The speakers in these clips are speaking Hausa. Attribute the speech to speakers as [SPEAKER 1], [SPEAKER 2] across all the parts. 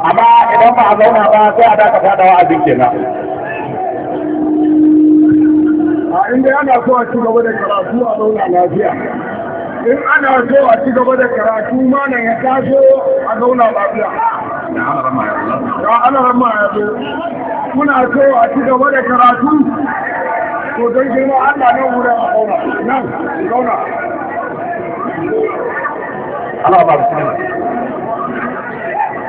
[SPEAKER 1] amma idan ba a zauna ba sai a dakata da wa'azin kenan a inda yana so a ci gaba da karatu a zauna lafiya in ana so a ci gaba da karatu mana ya taso a zauna lafiya da ana rama ya zo muna so a ci gaba da karatu ko don girma Allah nan wurin a zauna nan zauna
[SPEAKER 2] Allah ba su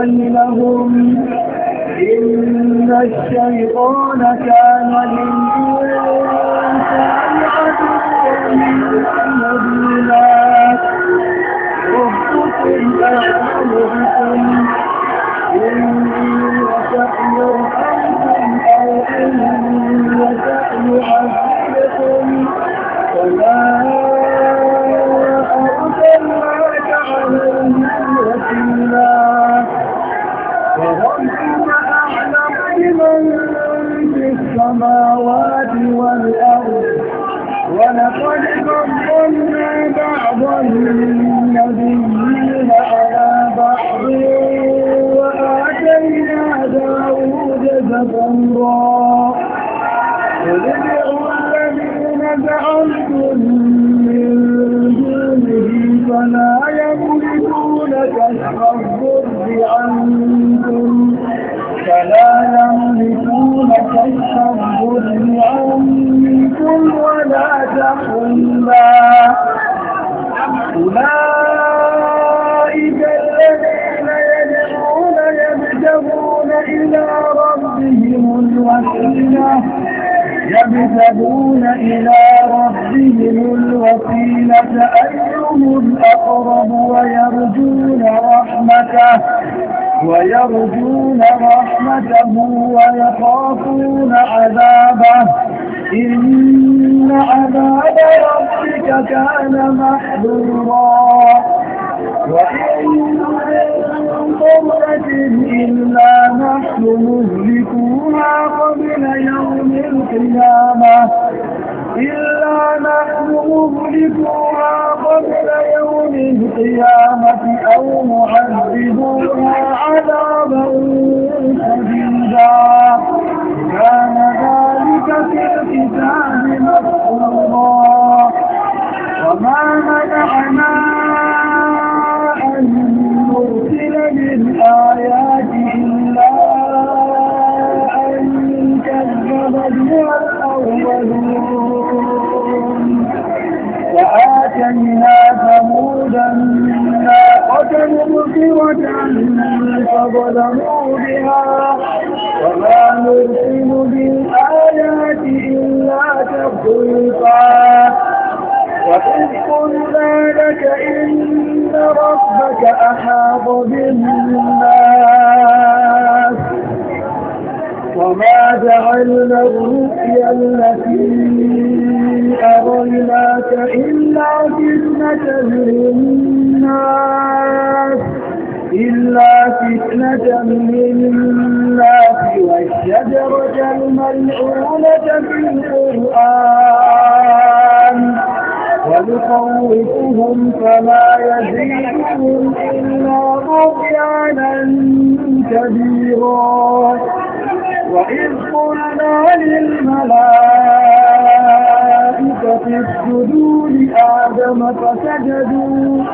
[SPEAKER 2] بينهم إن الشيطان كان للإنسان عدوا مبينا ربكم أعلم رحمته
[SPEAKER 1] ويرجون رحمته ويخافون عذابه إن عذاب ربك كان محذورا وإن قرة إلا نحن مهلكوها قبل يوم القيامة إلا نحن مهلكوها قبل يوم القيامة أو معذبوها عذابا
[SPEAKER 2] شديدا كان ذلك في الكتاب
[SPEAKER 1] عليها ثمودا ناقة مبصرة فظلموا بها وما نرسل بالآيات إلا تخطيطا
[SPEAKER 2] وإذ قلنا
[SPEAKER 1] لك إن ربك أحاط بالناس وما جعلنا الرؤيا التي الظلمات إلا فتنة للناس إلا فتنة للناس والشجرة الملعونة في القرآن ونخوفهم فلا يزيدهم إلا بغيانا كبيرا وإذ قلنا للملائكة اسجدوا لآدم فسجدوا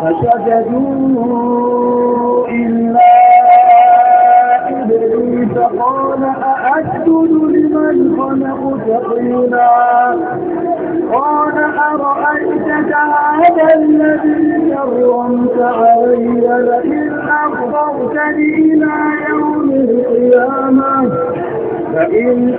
[SPEAKER 1] فسجدوا إلا إبليس قال أأسجد لمن خلقت طينا
[SPEAKER 2] قال أرأيتك هذا
[SPEAKER 1] الذي كرمت علي لئن أخبرتني إلى يوم القيامة فإن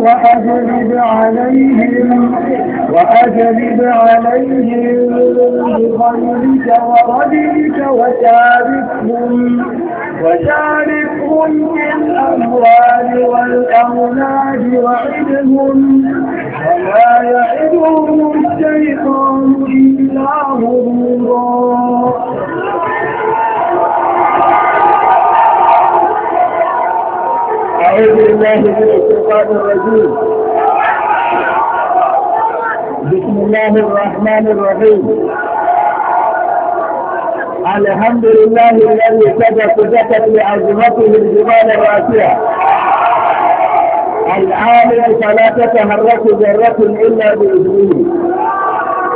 [SPEAKER 1] وأجلب عليهم وأجلب عليهم بخيرك وردك وشاركهم وشاركهم في الأموال والأولاد وعدهم وما
[SPEAKER 2] يعدهم الشيطان
[SPEAKER 1] أعوذ بالله من الشيطان الرجيم
[SPEAKER 2] بسم الله الرحمن الرحيم الحمد لله الذي سبق سكت لعظمته الجبال الراسية
[SPEAKER 1] العالم فلا تتحرك ذرة إلا بإذنه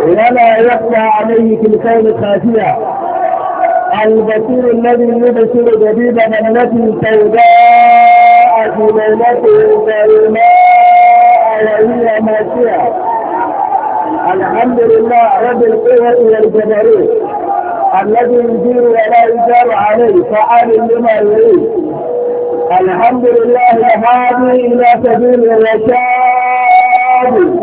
[SPEAKER 1] ولا يخفى عليه في الخير خافية البصير الذي يبصر من التي سوداء فالماء الحمد لله رب القوة والجبروت الذي يدير ولا يجار عليه فعال لما يريد الحمد لله الهادي إلى سبيل الرشاد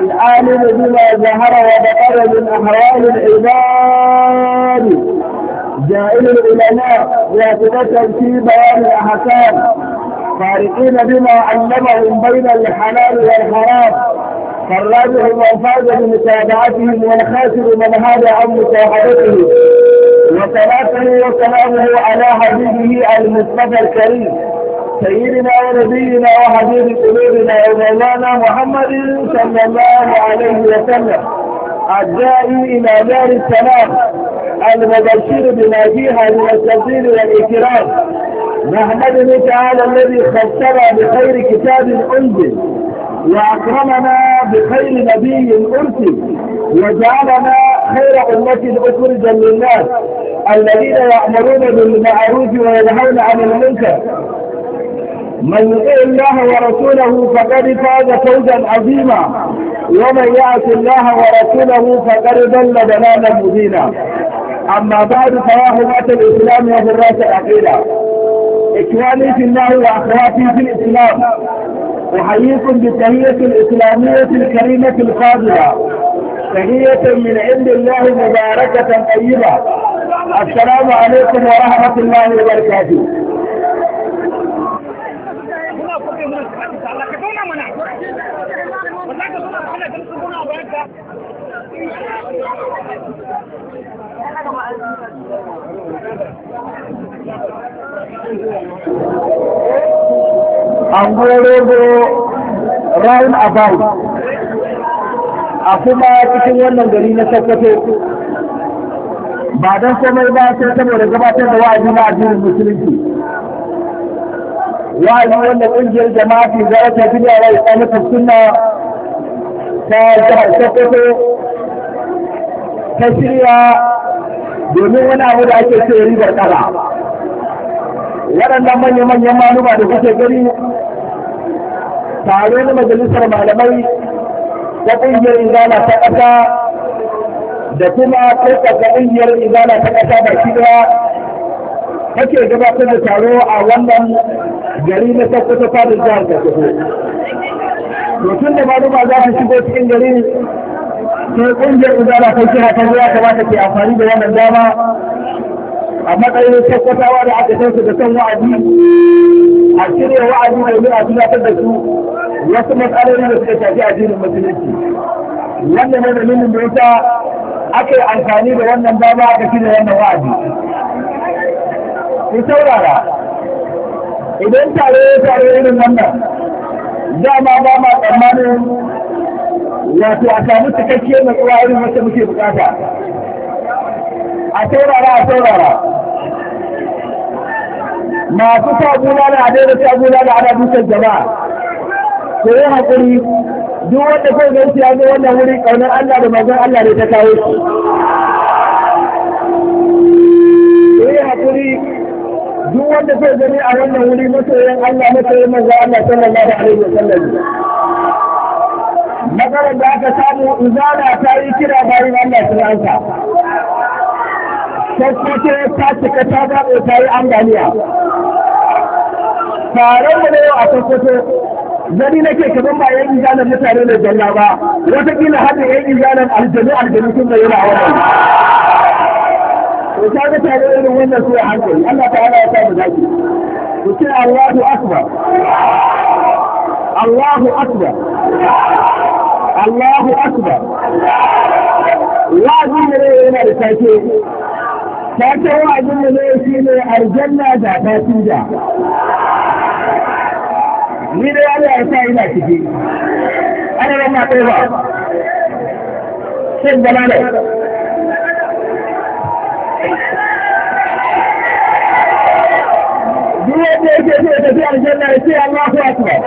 [SPEAKER 1] العالم بما ظهر وبطل من أحوال العباد جائل العلماء يتمثل في بيان الأحكام فارقين بما علمهم بين الحلال والحرام فالراجح من فاز بمتابعتهم والخاسر من هاد عن مشاهدتهم وصلاته وسلامه على حبيبه المصطفى الكريم سيدنا ونبينا وحبيب قلوبنا ومولانا محمد صلى الله عليه وسلم الداعي الى دار السلام المبشر بما فيها من التفضيل والاكرام نحمده تعالى الذي خسر بخير كتاب أنزل
[SPEAKER 2] وأكرمنا
[SPEAKER 1] بخير نبي أرسل وجعلنا خير أمة أخرجا للناس الذين يأمرون بالمعروف وينهون عن المنكر من يطع الله ورسوله فقد فاز فوزا عظيما ومن يعص الله ورسوله فقد ضل ضلالا مبينا أما بعد فيا حماة الإسلام وحراس العقيدة إخواني في الله وأخواتي في الإسلام أحييكم بالتهية الإسلامية الكريمة الفاضلة تهية من عند الله مباركة طيبة السلام عليكم ورحمة الله وبركاته
[SPEAKER 2] Thank you. anguwar rogo round about
[SPEAKER 1] a kuma cikin wannan gari na sokoto ba don komai ba sai saboda gabatar da wa'azi na addinin musulunci wa'azi wanda ƙungiyar jama'a a zara ta fi yara islamitin sunna
[SPEAKER 2] ta jihar sokoto
[SPEAKER 1] ta shirya domin wani abu da ake ce ribar kala waɗannan manya-manyan maluma da kuke gari
[SPEAKER 2] tare da majalisar malamai
[SPEAKER 1] ta ƙungiyar izana ta ƙasa da kuma ƙasa ƙungiyar izana ta ƙasa shi ɗaya kake gabatar da taro a wannan gari na sakkwata fadin jihar da kuhu. Mutum da maluma za su shigo cikin gari sai ƙungiyar izala ta kira ta zuwa kamata ke amfani da wannan dama a matsayin tabbatawa da aka san su da son wa'azi a shirya wa'azi da yi a tunatar da su wasu matsaloli da suka shafi addinin musulunci wannan ne dalilin da yasa aka yi amfani da wannan dama aka shirya wannan wa'azi
[SPEAKER 2] ku saurara
[SPEAKER 1] idan tare ya tare irin wannan dama ba ma tsammanin
[SPEAKER 2] wato a samu cikakkiyar
[SPEAKER 1] natsuwa irin wacce muke bukata
[SPEAKER 2] a saurara a saurara masu sa bulala a
[SPEAKER 1] daidai sa bulala ana dukkan jama'a ko yi haƙuri duk wanda kai ga ya zo wannan wuri ƙaunar Allah da mazan Allah ne ta kawo su. ko yi haƙuri duk wanda kai gani a wannan
[SPEAKER 2] wuri masoyin Allah
[SPEAKER 1] masoyin mazan Allah sallallahu alaihi da sallam matsalar da aka samu in zana ta yi kira bayan Allah su ansa sai kuke ta cika ta zaɓe ta yi ambaliya taron mu da yau a sokoto zani nake kaman ba yan izalan mutane ne jalla ba wataƙila hada yan izalan aljanu aljanu sun bayyana a wannan to ta ga tare irin wannan su hankali Allah ta'ala ya sa mu zaki ku ce Allahu akbar Allahu akbar Allahu akbar wa'azi ne yana da take ta ce wa'azin mu ne shi ne aljanna da ta tuja ni da Allah ya sa ina ciki
[SPEAKER 2] ana nan ma ba shin zama ne
[SPEAKER 1] duk wanda yake so ya tafi aljanna ya ce Allahu akbar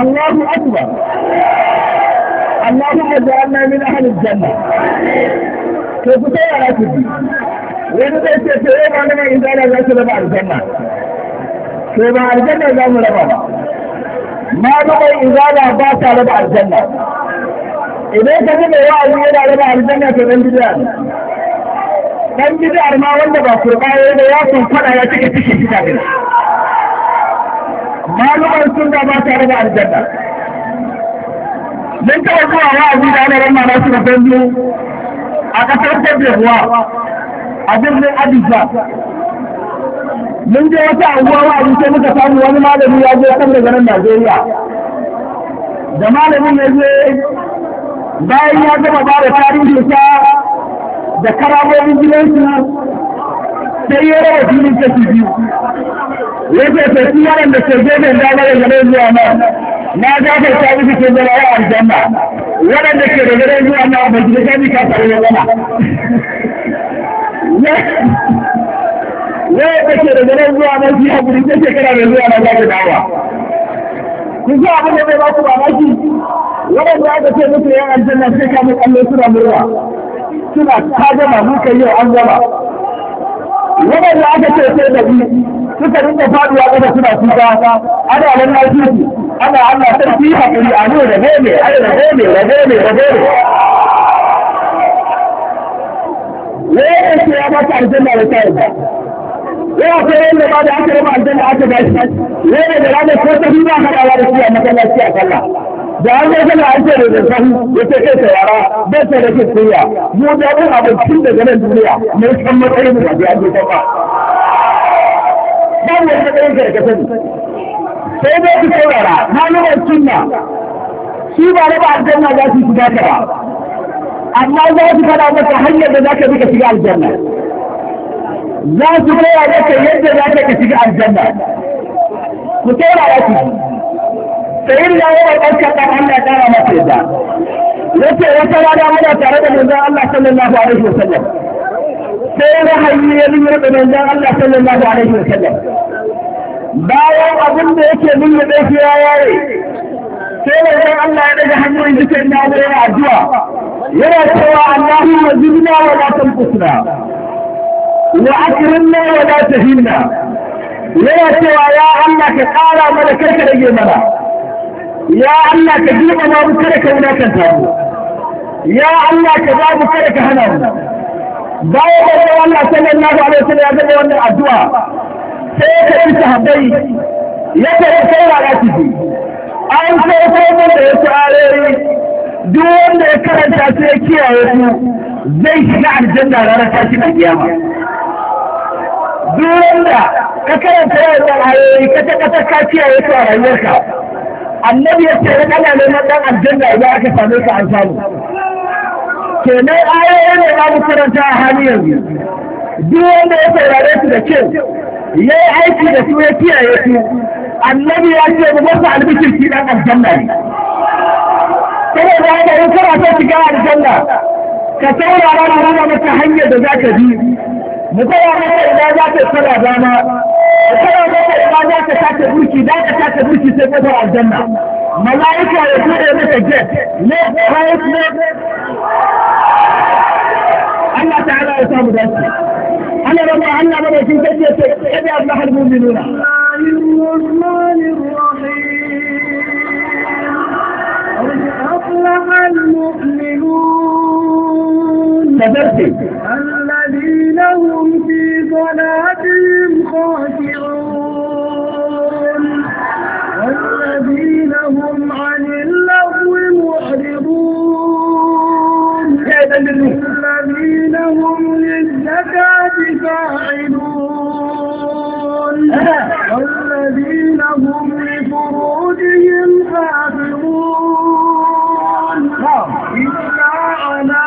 [SPEAKER 1] Allahu akbar اللهم اجعلنا من اهل الجنه to ku ya yara ku wani zai ce to yau malaman izala za su raba aljanna to ba aljanna za mu raba ba in izala ba ta raba aljanna idan ka ji mai wa'azi yana raba aljanna to ɗan bid'a ne
[SPEAKER 2] dan bid'ar ma wanda ba
[SPEAKER 1] kurba ya da ya sun fada ya cike cikin bid'a ne malaman sunna ba ta raba aljanna mun taɓa zuwa wa'azi da ana rama nasu da dan a ƙasar a birnin Abuja. Mun je wata anguwa wa abu muka samu wani malami ya zo kan daga nan Najeriya. Da malamin ya je bayan ya gama ba da tarihin sa da karamomin
[SPEAKER 2] gidansu sai ya raba filin kashi biyu. Ya ce sai yaran da ke gefen dama daga nan zuwa nan. na gafarta muku sun zama ya
[SPEAKER 1] aljanna waɗanda ke da gare zuwa na abin da gani ka tsare ya zama waɗanda ke da gare zuwa na ji a gudun take kana da zuwa na zaka dawa ku ji abin da zai ba ku mamaki waɗanda aka ce muku yan aljanna sai ka mun kallo suna murna suna ta gama muka yau an gama waɗanda aka ce sai da bi suka rinka faɗuwa ƙasa suna kuka ana nan na ana Allah sarki hakuri a ne da gome ai da gome da gome da gome
[SPEAKER 2] ne ya ce ya
[SPEAKER 1] ba ta aljanna da ta yarda ne ya ce wanda ba da aka raba aljanna aka ba shi
[SPEAKER 2] ne ne da ranar ko ta biya ka dawa da shi a masallaci a sallah da an zai gana an ce da zazzafi ya ce kai saurara bai sai da ke tsaya mu da mun abincin daga nan duniya mun san matsayin da ya ce ba.
[SPEAKER 1] Babu wani matsayin da ya sani. sai dai ku saurara malumar sunna shi ba raba aljanna za su shiga ta ba amma za su faɗa maka hanyar da za ka bi ka shiga aljanna za su koya maka yadda za ka shiga aljanna ku saurara ku
[SPEAKER 2] sayin da yawa ɗaukar ɗan Allah ya ƙara masa yadda yace wata rana muna tare da manzon Allah
[SPEAKER 1] sallallahu alaihi wasallam
[SPEAKER 2] sai rahayi ya bi
[SPEAKER 1] manzon Allah sallallahu alaihi wasallam bayan abin da yake da shi ya yare sai da zai Allah ya daga hannun jikin na da yana addu'a
[SPEAKER 2] yana cewa yi zidna wa latin
[SPEAKER 1] kusura wa na wa latin hinna
[SPEAKER 2] yana cewa ya Allah ka ƙara mana karka rage mana ya Allah ka girmama mu kada ka
[SPEAKER 1] wulakanta mu ya Allah ka ba mu kada ka hana mu bayan da Allah sallallahu alaihi wasallam ya zama wannan addu'a sai ya karbi sahabbai ya karbi kai ba an da duk wanda ya karanta su ya zai shiga aljanna ranar duk
[SPEAKER 2] wanda ka karanta ayoyi ka ta ka
[SPEAKER 1] kiyaye su a rayuwarka annabi ya ce ran ana neman dan aljanna idan aka same ka an samu
[SPEAKER 2] kenan ayoyi ne za mu karanta a
[SPEAKER 1] hali yanzu duk wanda ya saurare su da kyau ya yi aiki da su ya kiyaye su
[SPEAKER 2] annabi ya ce mu masa albishir
[SPEAKER 1] ki dan aljanna ne
[SPEAKER 2] saboda haka in kana son shiga aljanna ka saurara na nuna maka hanyar
[SPEAKER 1] da za ka bi mu koya maka ina za ka tsara dama mu koya maka ina za ka tace burki za ka tace burki sai ka bar aljanna malaika ya buɗe maka jet ne right ne Allah ta'ala ya samu dace أنا rama أنا ba da sun kace ce kada
[SPEAKER 2] الرحمن الرحيم
[SPEAKER 1] أفلح المؤمنون الذين هم في صلاتهم خاشعون والذين هم عن اللغو معرضون الذين هم للزكاه فاعلون والذين هم لفروجهم حافظون نعم. إلا على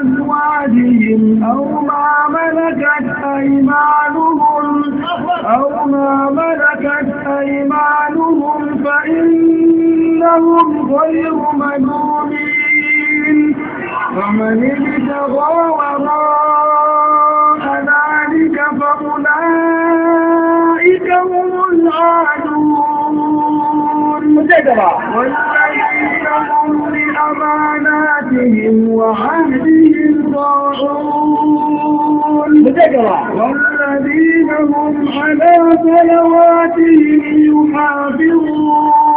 [SPEAKER 1] أزواجهم أو ما ملكت أيمانهم أو ما ملكت أيمانهم فإنهم غير ملومين فمن ابتغى والذين هم لأماناتهم وعهدهم
[SPEAKER 2] راعون والذين
[SPEAKER 1] هم على صلواتهم يحافظون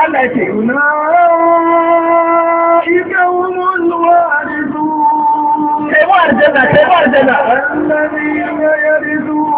[SPEAKER 1] أولئك هم الوارثون الذين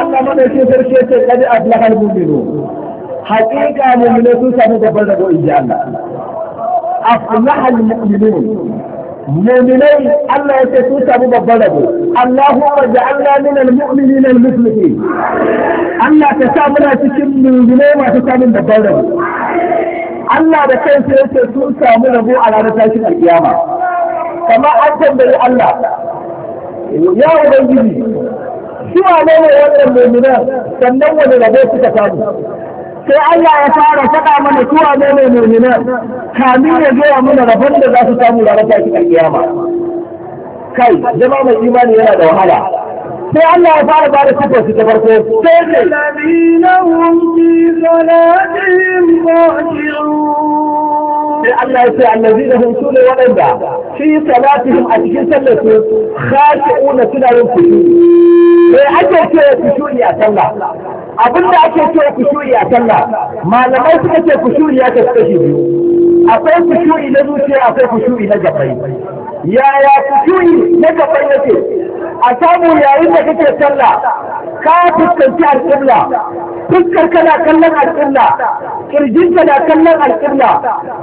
[SPEAKER 1] Allah madauki sarki ce kadi aflahal mu'minu haqiqa mu'minu sun samu babbar rabo inji Allah aflahal mu'minun mu'minai Allah ya ce sun samu babbar rabo Allahumma ja'alna min al-mu'minina al-muslimin Allah ka sa muna cikin mu'minai masu samun babbar rabo Allah da kansa ya ce sun samu rabo a ranar tashin alkiyama
[SPEAKER 2] kamar an tambayi Allah
[SPEAKER 1] ya ubangiji Suwa wane ne wannan mu'minan sannan wani rabo suka samu sai Allah ya fara faɗa mana su wane ne mu'minan kamin ya gaya mana rabon da za su samu ranar tashi a kiyama kai zama mai imani yana da wahala sai Allah ya fara ba da ta farko sai ne fi sai Allah ya ce allazi da hunsu ne waɗanda fi salatihim a cikin sallar su khashi'una suna yin kushuri sai ake ce kushuri a sallah abinda ake ce kushuri a sallah malamai suka ce kushuri ya kasu kashi biyu akwai kushuri na zuciya akwai kushuri na gabai yaya kushuri na gabai yake
[SPEAKER 2] a samu yayin da kake sallah ka fuskanci al'umma, fuskar kana kallon al'umma. kirjinka na kallon alƙibla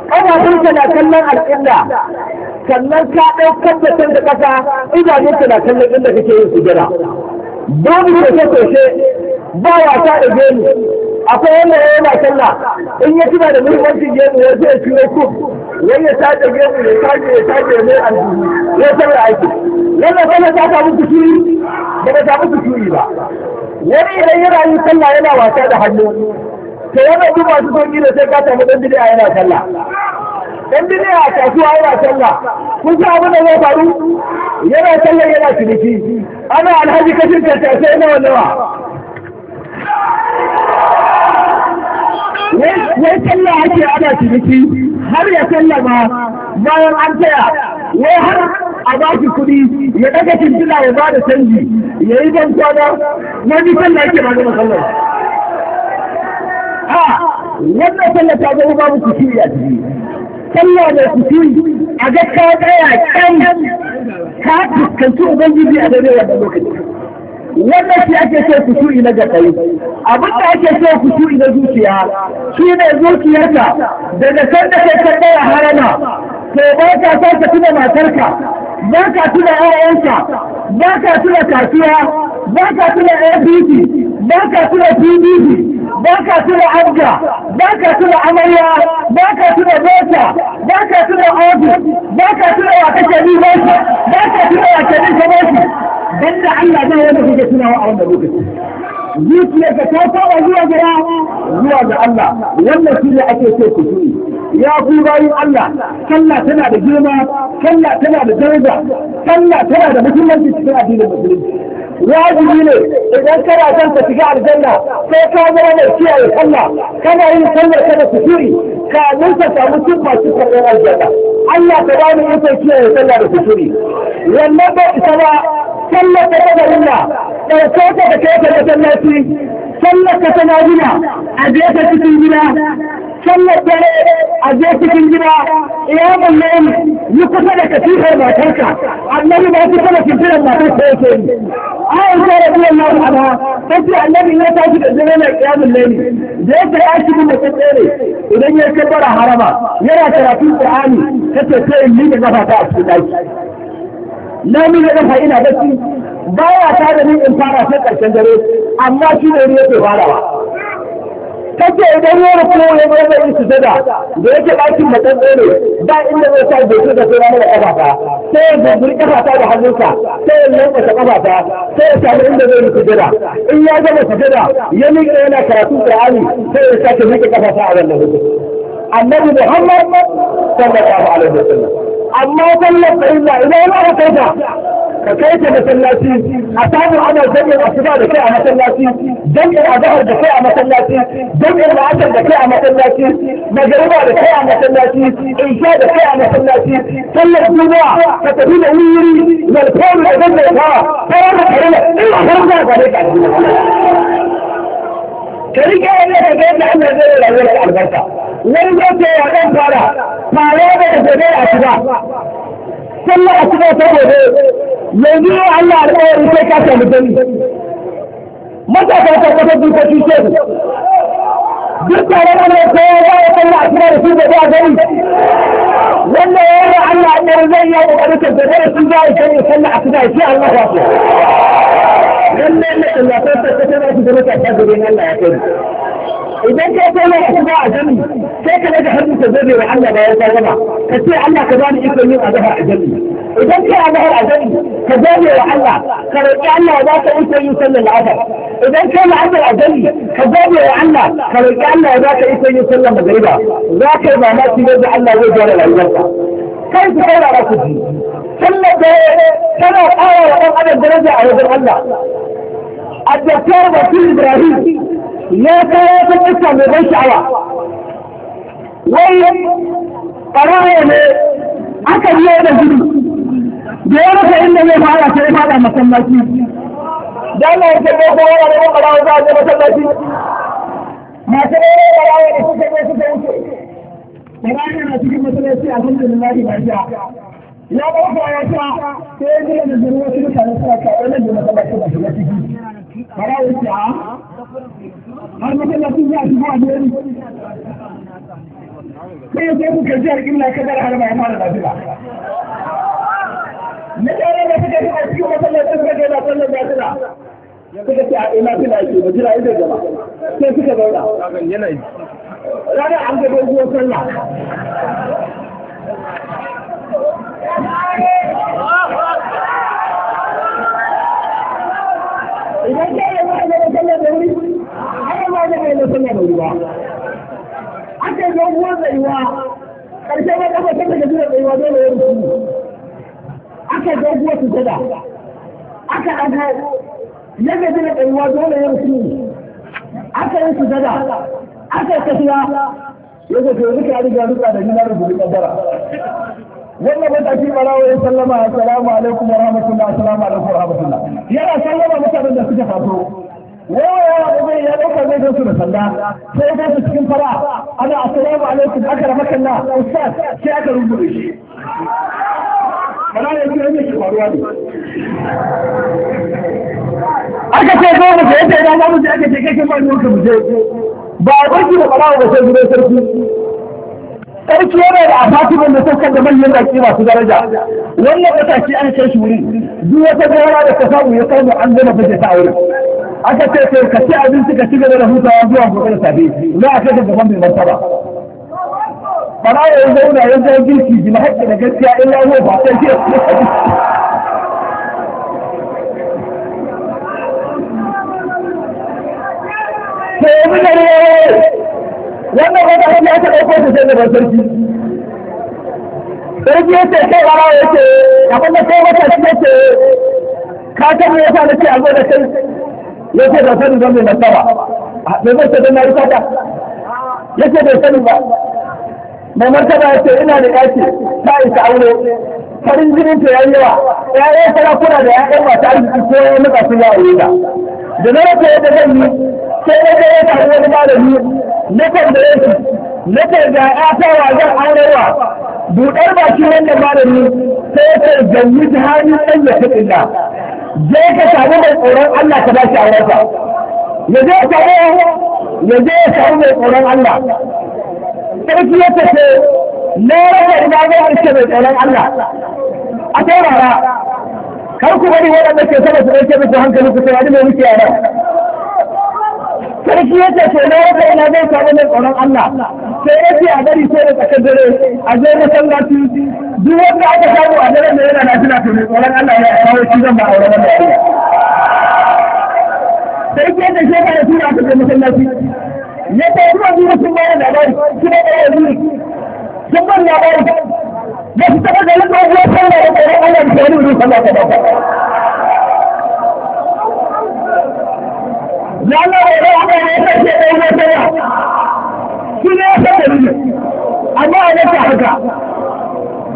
[SPEAKER 2] ƙafafunka na kallon alƙibla sannan ka ɗaukar da can da ƙasa idanunka na kallon
[SPEAKER 1] inda kake yin sujada
[SPEAKER 2] Domin sosai-sosai ba wasa da gemu
[SPEAKER 1] akwai wanda ya yana sallah in ya tuna da muhimmancin gemu ya zai ciro ku wani ya sace gemu ya sace ya sace mai aljihu ya saboda aiki wannan ba ta samu kusuri ba ta samu kusuri ba wani idan yana yin sallah yana wasa da hannu to yana duk masu sauki da sai ka samu dan bid'a yana sallah
[SPEAKER 2] dan bid'a a kasuwa yana sallah kun san abin da zai faru yana sallah
[SPEAKER 1] yana ciniki ana alhaji kashin tattace nawa nawa wai sallah ake ana ciniki har ya sallama bayan an taya wai har a ba shi kuɗi ya daga tuntuna ya ba da canji ya yi ban kwana wani sallah ake ba da masallar a wannan sallar ta zama babu kusuri a ciki sallah da kusuri a ga ka tsaya kan ka fuskanci ubangiji a daidai wannan lokaci wannan shi ake so kusuri na gatsari abin da ake so kusuri na zuciya shi ne zuciyarka daga sanda kai kan tsaya harama to ba ka sa ka tuna matarka ba ka tuna ayyanka ba ka tuna kasuwa ba ka tuna APC ba ka tuna PDP ba ka tuna abga ba ka tuna amarya ba ka tuna bota ba ka tuna ofis ba ka tuna wa kake ni ba ba ka tuna wa kake ni ka dan da Allah zai wanda kuke tunawa a wannan lokaci zuciyarka ta saba zuwa ga zuwa ga Allah wannan shi ne ake so ku shiri. ya ku bayin Allah sallah tana da girma sallah tana da daraja sallah tana da muhimmanci cikin addinin musulunci wajibi ne idan kana son ka shiga aljanna sai ka zama mai kiyaye sallah kana yin sallar ka da kusuri kamin ka samu cimma cikin ɗan aljanna Allah ka ba mu ita kiyaye sallah da kusuri wannan ba isa ba sallar da ta da ɗauko ta da kai ta masallaci sallar ka tana gina a je ta cikin gina sallar dare a je cikin gina ya ballayin yi kusa da katifar matarka annabi ba su kala kintiran matarka yake yi ayin ta rabu wannan ana tafi annabi ya tashi da zama na kiyamun laili da ya sai aiki kuma ta tsere idan ya kabbara haraba yana karatun qur'ani ta ce sai in liƙa kafa ta a cikin ɗaki na miƙa kafa ina bacci baya ta da ni in fara sai ƙarshen dare amma shi ne ne fara. farawa
[SPEAKER 2] ce idan ya rufu ya zo da su zada da yake ɗakin
[SPEAKER 1] ɗaya ne ba inda zai sa bai su da sai ranar ƙafata sai ya zunguri ƙafata da hannunsa sai ya ta ƙafata sai ya samu inda zai yi zada in ya gama zada ya miƙa yana karatu Qur'ani sai ya sake miƙa ƙafata a wannan lokaci annabi Muhammad
[SPEAKER 2] sallallahu alaihi
[SPEAKER 1] wasallam amma sallar fa'ila idan ya aka kai ta ka kai ta masallaci a samu ana jami'ar asuba da kai a masallaci jami'ar azahar da kai a masallaci jami'ar la'asar da kai a masallaci magariba da kai a masallaci insha da kai a masallaci sallar juma'a ka tafi da wuri malfaru da gaggautawa ta wannan karela ina farko ba ne ka
[SPEAKER 2] ka rike ne ka ga yadda Allah zai rayuwar albarka wani zai ce ya dan fara fara da ka a asuba sallar asuba ta gobe yanzu ne Allah alƙawari sai ka samu gani
[SPEAKER 1] matasa ta kasar dukoki ce
[SPEAKER 2] duk tare da mai kowa ya yi kalla a kira da su da zuwa gani wanda ya yi Allah
[SPEAKER 1] alƙawari zai yi ƙoƙarin tattare da su za a yi kalla kalla a kira shi Allah ya ce lallai da tallafin tattare da su da mutane da gani Allah ya kai
[SPEAKER 2] idan ka kai mai kuma a jami sai ka daga hannun ka zabe wa Allah
[SPEAKER 1] bayan ka gama ka ce Allah ka bani ikon yin azaba a jami idan kana da har azabi ka gode wa Allah ka roki Allah ya baka iko yin sallar asar idan kana da azabi ka gode wa Allah ka roki Allah ya baka iko yin sallar magriba za ka yi mamaki da Allah zai gyara rayuwarka kai ku kai ra ku ji sallar da tana ƙara wa ɗan adam daraja a wajen Allah الدكتور وكيل إبراهيم يا ترى تنسى من غير شعوة وين
[SPEAKER 2] قراية aka biyo da gudu da ya rasa inda zai fara sai ya fada
[SPEAKER 1] masallaci
[SPEAKER 2] da Allah ya kalle ko wani da mun barawa za a je masallaci
[SPEAKER 1] masu ne ne barawa da suka
[SPEAKER 2] je suka wuce barawa na cikin masallaci
[SPEAKER 1] a alhamdulillah ba ja ya ba ku ya ta sai ne da zuwa su ka ne suka ka wani da masallaci ba shiga ciki
[SPEAKER 2] barawa ta ah, har masallaci ya shiga a gari sai ya zo ku kaji alƙibla kadar har ba ya fara lafiya mutane da suka shiga cikin
[SPEAKER 1] masallacin suka ga na sallar nafila suka ce a ina fila yake ba jira inda gaba sai suka zauna rana an gaba zuwa sallah idan ka yi wani da sallar da wuri ai ma da kai na sallar da wuri ba
[SPEAKER 2] aka yi gwamnati tsayuwa ƙarshen wata ba ta da
[SPEAKER 1] jira tsayuwa dole ya rufu aka doguwa su jada aka ɗago ya gaji da ɗaiwa dole ya rufu aka yi su jada aka yi tafiya ya ga to yanzu ka riga rika da ni na rubuta kaddara wannan mataki barawo ya sallama assalamu alaikum wa rahmatullah assalamu alaikum wa rahmatullah yana sallama mutanen da suka taso wawayawa da zai ya ɗauka zai gansu da sanda sai ya gansu cikin fara ana assalamu alaikum aka ramakalla ustaz sai
[SPEAKER 2] aka rubuta shi wala ne kuma yake faruwa aka ce zo mu sai da
[SPEAKER 1] mu sai aka ce kai kai mu ka je ba a barki da balawa ba sai gidan sarki sarki yana da apartment da saukar da manyan baki masu daraja wannan wata ce an kai shi wuri duk wata gora da ka samu ya samu an gama fage ta aure aka ce sai ka ci abinci ka ci gaba da hutawa zuwa gobe da safe za a kai ka gaban mai martaba
[SPEAKER 2] bara ya zauna
[SPEAKER 1] ya zai girki bi haƙƙi da gaskiya in ya zo ba sai ke
[SPEAKER 2] Sai yi gare wannan wata hanya ta ɗauko ta sai daga sarki.
[SPEAKER 1] Sarki ya ce kai bara ya ce abin da kai wata shi ya ce ka san ya sa na ce a zo da kai ya ce da sanin zan mai nasara.
[SPEAKER 2] Ah, me zai ce don na yi sata?
[SPEAKER 1] Ya ce bai sani ba. mai martaba ya ce ina da yaki ta isa aure farin jinin ta yayi yawa ƴaƴan sarakuna da ƴaƴan masu arziki ko ya nuka ya yawo ta da na rasa yadda zan yi sai na ga ya samu wani malami na kan da ya ci na kan ga ƴata wa zan aurewa buɗar bakin wannan malami sai ya ce zanyi ta hannun ɗan ya fi illa je ka samu mai tsoron Allah ka ba shi aurensa
[SPEAKER 2] ya je ya samu ya je ya samu mai tsoron Allah sarki ya tafe
[SPEAKER 1] na rasa ina zai harshe mai tsoron Allah
[SPEAKER 2] a taurara kar ku bari waɗanda ke sama su ɗauke muku hankali ku tunani mai muke yana sarki ya tafe na rasa ina zai samu mai tsoron Allah sai
[SPEAKER 1] ya ce a gari sai da tsakar dare a zai masallaci duk wanda aka samu a daren da yana lafiya to mai tsoron Allah ya kawo shi zan ba aure wanda ya sarki ya tafe ka da tura ka masallaci ya ta yi wani mutum bayan labari kuma da ya yi sun ban labari
[SPEAKER 2] ba su taɓa ganin ɗaukar sallah da tsaron Allah da tsarin ruwan sallah ta ɗauka. Na Allah bai zai haɗa ne ya ce ɗaya mai sallah. Shi ne ya san da ni. Amma a nake haka.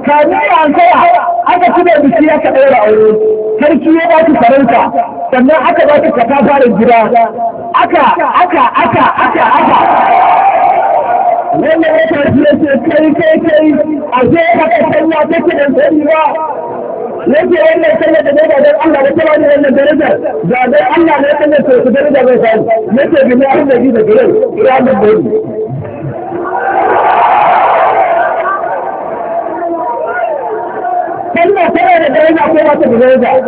[SPEAKER 2] Kamin ya an kaya aka ci da biki aka ɗaura
[SPEAKER 1] aure. Sarki ya ba ki farauta sannan aka ba ki katafarin gida
[SPEAKER 2] aka aka aka aka aka wannan
[SPEAKER 1] kai kai kai a zo haka sanya take da sani ba yake wannan da daga don Allah da da wannan darajar da don Allah ne su daraja yake gina gina gina gina da gina tana da daraja ko da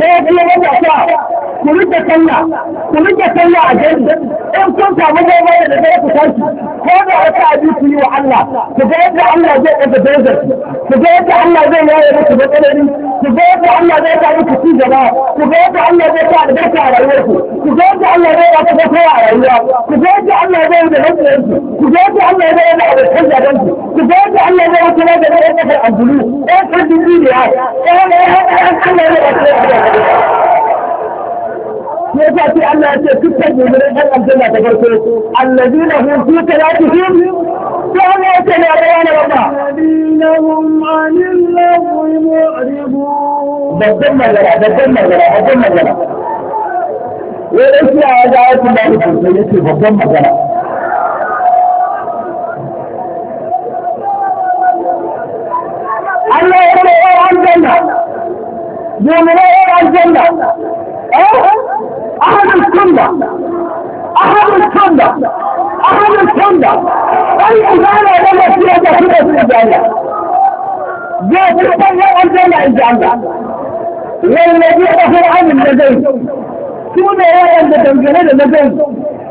[SPEAKER 1] daraja ne kuma ku rike sallah ku rike sallah a gari in kun samu gaba da zai ku tashi ko da aka abi ku yi wa Allah ku ga yadda Allah zai ɗaga ku ga yadda Allah zai yaye muku matsaloli ku ga yadda Allah zai ta muku ci gaba ku ga yadda Allah zai ta albarka a rayuwarku ku ga yadda Allah zai ta kowa a rayuwa ku ga yadda Allah zai da hankalinku ku ga yadda Allah zai da abokan ku ga yadda Allah zai wata da zai da aljulu ɗan kan dubi ne ya ɗan ɗan ɗan ɗan يجاتي الله يتكتب من أجل الجنة تقرسل الذين هم في ثلاثهم فهم يتنى بيان الله الذين هم عن الله معربون بالضمة لا بالضمة لا
[SPEAKER 2] وإيش يا جاءت الله بالضمة
[SPEAKER 1] لا بالضمة لا الله يقول عن الجنة يقول عن الجنة أه
[SPEAKER 2] أحد السنة أحد
[SPEAKER 1] السنة أحد السنة أي إزالة ولا سيادة في الإزالة
[SPEAKER 2] جاءت الإزالة أزالة إزالة والذي أخر عن النبي سنة يا أنت تنجلين النبي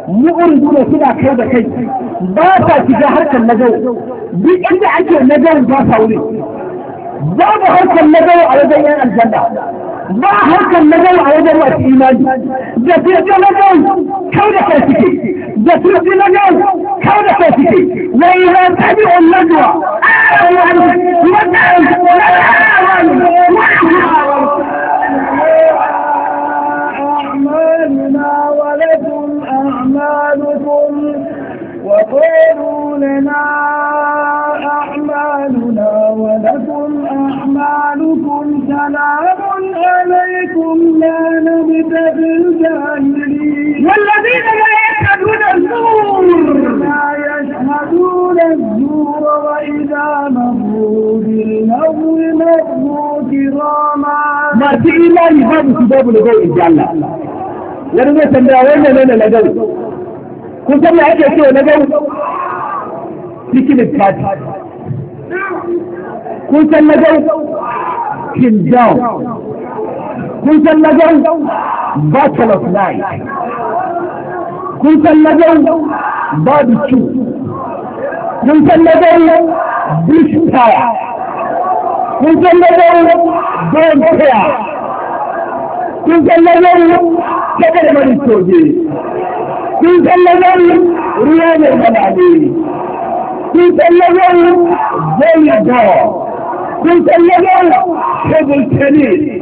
[SPEAKER 1] يؤردون سنة كيف كيف باسا تجاهرك النجو بإن أنت النجو باسا ولي
[SPEAKER 2] بابا هرك النجو على ديان
[SPEAKER 1] الجنة
[SPEAKER 2] ba harkar lagau a wajen masu
[SPEAKER 1] imani da firɗi lagau kau da kai suke da firɗi lagau kau da kai suke wai ya tabi on lagwa ayawan wadan ayawan أعمالكم وقولوا لنا أعمالنا ولكم أعمالكم سلام لهم لا نبتغي الجاهلين والذين لا يشهدون الزور لا يشهدون الزور وإذا مروا باللغو مروا كراما ما في إيمان هذا سباب لغو الجنة لأنه يسمى وين لنا لغو كنت أنا أجل سوى لغو
[SPEAKER 2] cikin littafi kun san na dau kin down
[SPEAKER 1] kun san lagau of life
[SPEAKER 2] kun san lagau barbecue
[SPEAKER 1] kun san lagau beach fire
[SPEAKER 2] kun san lagau don prayer kun san lagau
[SPEAKER 1] kada da mani soje kun san lagau gabaɗe kun san zai yi dawa kun san table tennis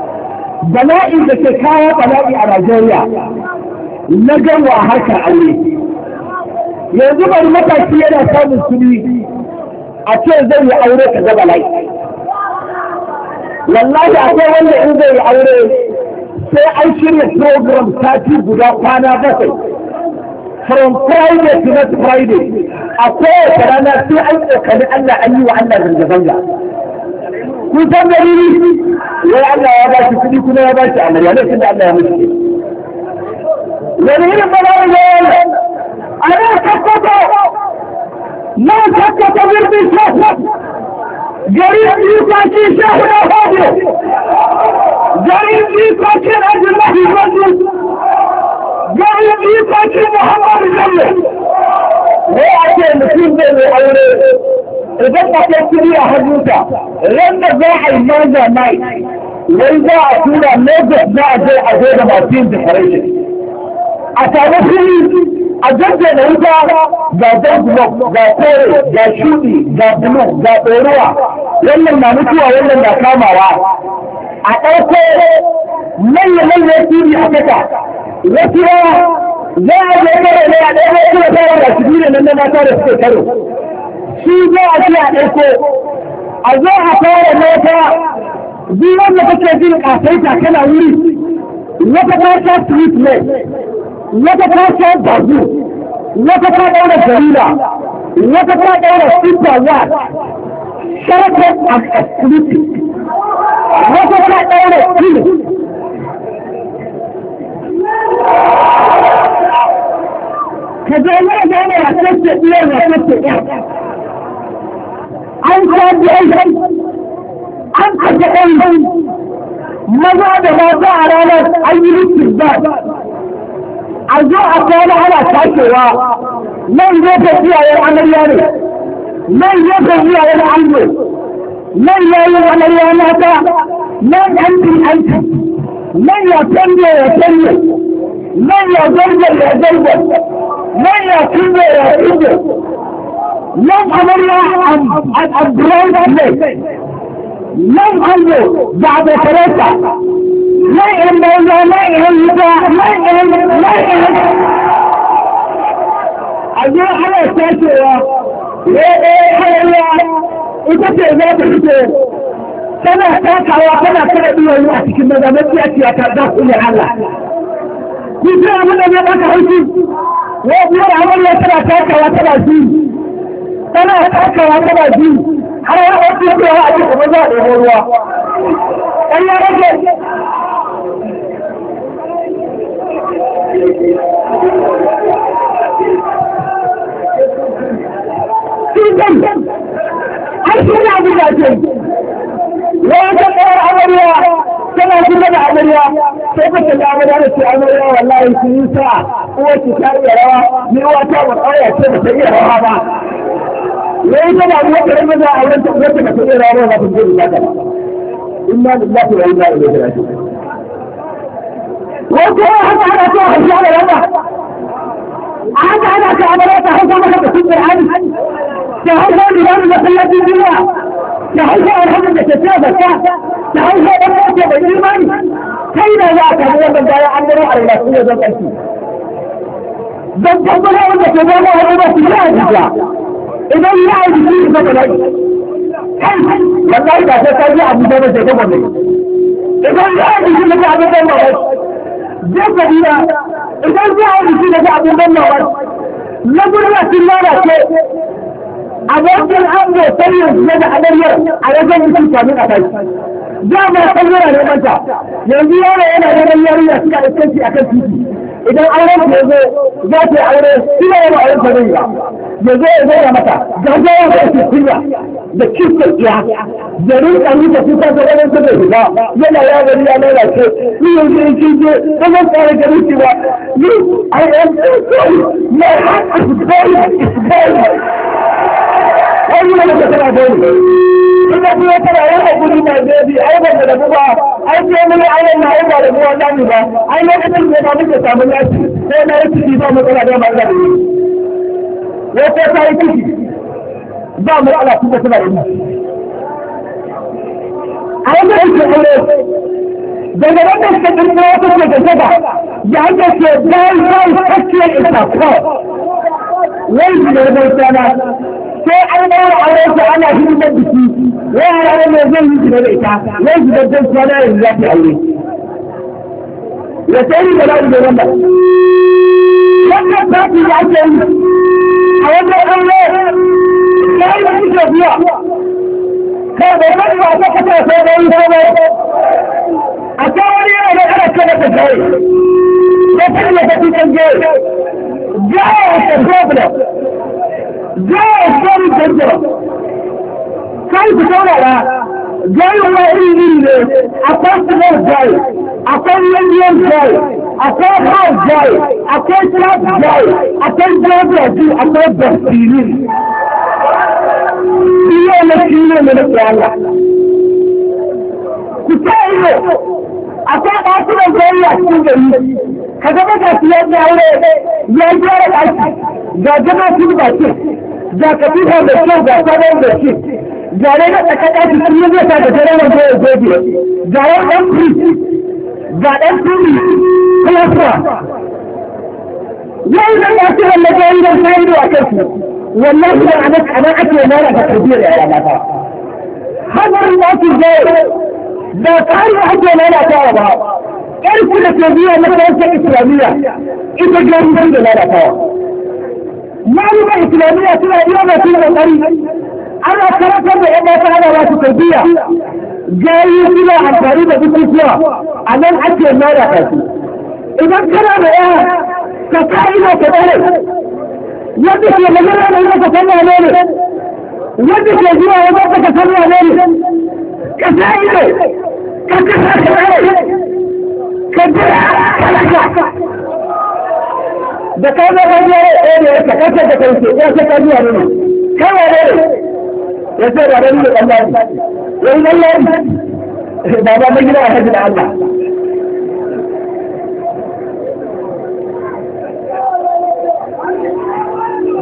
[SPEAKER 2] bala'i da ke kawo bala'i a Najeriya na gawa harkar aure. Yanzu bari matashi yana samun suni
[SPEAKER 1] a ce zai yi aure ka ga bala'i.
[SPEAKER 2] Wallahi akwai wanda in zai yi aure
[SPEAKER 1] sai an shirya program sati guda kwana bakwai.
[SPEAKER 2] From Friday to
[SPEAKER 1] next Friday, a kowace rana sai an tsokani Allah an yi wa Allah zanga-zanga.
[SPEAKER 2] Kun san dalili? wai
[SPEAKER 1] Allah ya ba shi kuɗi ya ba shi amarya laifin da Allah ya mutu wani irin bala'in ya yi a nan kakkato nan kakkato birnin shafi garin jikokin shafi na fadiyo garin jikokin ajiyar mafi garin jikokin muhammadu jami'a wai ake mutum zai mai aure idan ka kai kudi a hannunka ran da za a yi maza mai wai za a tura lagos za a je a zo da masu yin decoration
[SPEAKER 2] a samu kudi
[SPEAKER 1] a jirgin da wuta ga dangulok ga kore ga shudi ga bulu ga ɗoruwa wannan na mutuwa wannan na kamawa
[SPEAKER 2] a ɗauko manyan manyan tv a
[SPEAKER 1] kasa wasu za a zai mara ne a ɗaya kuma tawar da su biyu da nan na mata da suke karo shi za a ce a ɗauko a zo a fara mota duk wanda kake jin kasaita kana wuri wata ta sha street ne wata ta sha bazu wata ta ɗaura jarida
[SPEAKER 2] wata ta ɗaura super watch sharkar a street wata ta ɗaura film ka zo wani gane a sassa ɗiyar a sassa ɗiyar an ta bi ai an ta ta ai maza da mata a ranar an yi rikin ba a zo a kwana ana tashewa
[SPEAKER 1] nan zo ta tsiyayar amarya ne nan zo ta tsiyayar ango nan yayin amarya mata nan an bi aiki nan ya canje ya canje
[SPEAKER 2] nan ya zargar ya zargar nan ya canje ya canje Love America and, and, and brave men. Love Allah, Jabba Teresa.
[SPEAKER 1] Lay in Mawla, lay in Yuba, lay in, lay in. Àjọ ara ẹ̀sẹ̀ ṣe wa,
[SPEAKER 2] ẹ̀ẹ́ ẹ̀ẹ́wà, ìtẹ́tẹ̀ ìwé ẹ̀bẹ̀rẹ̀ tana takawa tana kare biyoyi a
[SPEAKER 1] cikin mazamaki a tiyata za ku ne Allah. Kun sai abin da ya ɗaka haushi,
[SPEAKER 2] wai biyar amarya tana takawa tana zuwa. tana taka ya da ji
[SPEAKER 1] har ya wasu yadda ya ake kuma za a ɗaya
[SPEAKER 2] ruwa ɗan ya rage Sidan, har shi na buga ce, wata tsawar amarya tana buga da amarya,
[SPEAKER 1] sai ka ta amarya da ce amarya wallahi sun yi sa, uwa ta iya rawa, ni wata ba ƙauya ce ba ta iya rawa ba,
[SPEAKER 2] me yi tana ruwa karamin da a wurin
[SPEAKER 1] wata mace ɗaya rana za ta je da zaka inna lillahi wa inna ilaihi raji'un wato haka ana so a shi ana rama
[SPEAKER 2] haka ana ka amara ta hauka maka da
[SPEAKER 1] sun qur'ani ta hauka da ramu da sallatin duniya ta hauka alhamdu da tafiya zakka ta hauka da kace da imani kai da za ka wannan bayan an gano a rayuwa zan ƙarfi zan tabbata wanda ke zama wani ba su yi a idan ya yi jiki da ka lafi wallahi ba sai ka je abuja ba sai gwamnati idan ya yi jiki ita abin ban mawar je ka biya idan ya yi jiki ita abin ban mawar
[SPEAKER 2] na gurbar sun a abokin an bai sanya su da adaryar a wajen mutum kamin a kai dama kan yana neman ta yanzu yana yana neman
[SPEAKER 1] yarinya suka iskanci a kan titi idan auren ta zo za ta yi aure ina yana auren ta zai ba ya zo ya zauna mata gaggawa da yake kunya
[SPEAKER 2] da kirkin iya
[SPEAKER 1] da rinka rinka kuka ta wani ta zai ba yana ya gari ya ce ni yanzu in kin je ta zan tsara gari ki ba ni i am so sorry my heart is very is
[SPEAKER 2] ba. an yi mana tana bai
[SPEAKER 1] in da kuma tana yan hakuri na bebi ai ban da dabu ba ai sai mun ai ai ba da ba ai lokacin da ba muke lafi sai na yi ba matsala da ta yi ciki ba mu ala kuma da da daga wanda
[SPEAKER 2] suka wata da ya ake bai bai kawai da sana sai an daura auren su ana hidimar biki yara ne mai zai yi
[SPEAKER 1] shiga da ita zai shiga da su wani yanzu za ta aure ya sai da babu domin ba wannan sati da ake yi a wannan aure ya yi wani tafiya kai bai mai ba ta kasa sai da yi ba a kawai yana da ana kada ta kai ya kai da ta fi kan jere jawo ta problem Very, very dangerous. Trying to tell that very very nílé akọ́sílẹ̀ joy akọ́lẹ́lẹ́ joy akọ́ọ̀kọ́ joy akọ́sílẹ̀ joy akọ́sílẹ̀ joy akọ́bẹ̀ ìlú. Ilé ọmọ sí ilé ọmọ ní Kìáyà. Kùsẹ́ ìlú akọ́kọ́ sílẹ̀ joy àtúndẹ̀ yìí.
[SPEAKER 2] Kàkọ́kọ́ kàtí ẹgbẹ́ ọ̀rẹ́ yẹn jẹ́ àti
[SPEAKER 1] gàjẹ́bẹ́ sílùbàtì. Ga ka da kyau ga kwanan da shi gare na tsakaɗa shi sun zai sa da gare wanda ya gobe ga yan ɗan firi ga ɗan firi kulasuwa
[SPEAKER 2] yau zan ya wanda ga idan ta ido a kansu wallahi su da anan ake mara da tarbiyyar ya lalata hadarin da ake zai
[SPEAKER 1] da tsari ake lalatawa ba
[SPEAKER 2] ƙarfi da ke biya na ƙarfin
[SPEAKER 1] islamiyya ita gari da lalatawa malumar islamiyya suna iya mai tun kokari ana karantar da yan mata ana ba su tarbiyya gayi suna amfani da bukukuwa a nan ake mara kashi idan kana da ‘ya ka sa na ka
[SPEAKER 2] tsare yadda ke magana da yadda ka san wane ne yadda ke zuwa yadda ka san wane ne ka sa ido ka kasa ka tsare ka jira ka laka da ka zo ka biya ɗaya da ka kasa
[SPEAKER 1] da kai ke ya ce ka biya ne kawai ne ya ce ba dan da Allah ya yi Allah ba ba mai gida a hajji da Allah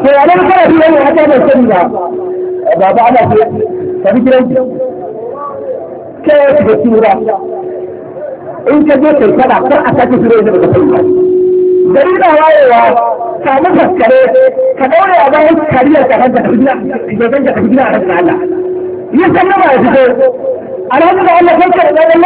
[SPEAKER 2] to ya dan kana biya ne haka da sani ba
[SPEAKER 1] ba ba ana ce ka bi gidan
[SPEAKER 2] kai da kura in ka je kai kada kar a sake sura da baka
[SPEAKER 1] sani ba gari da wayewa samu faskare ka daure a bayan kariyar ta ka ta a kanka Allah yi ya fito Allah Allah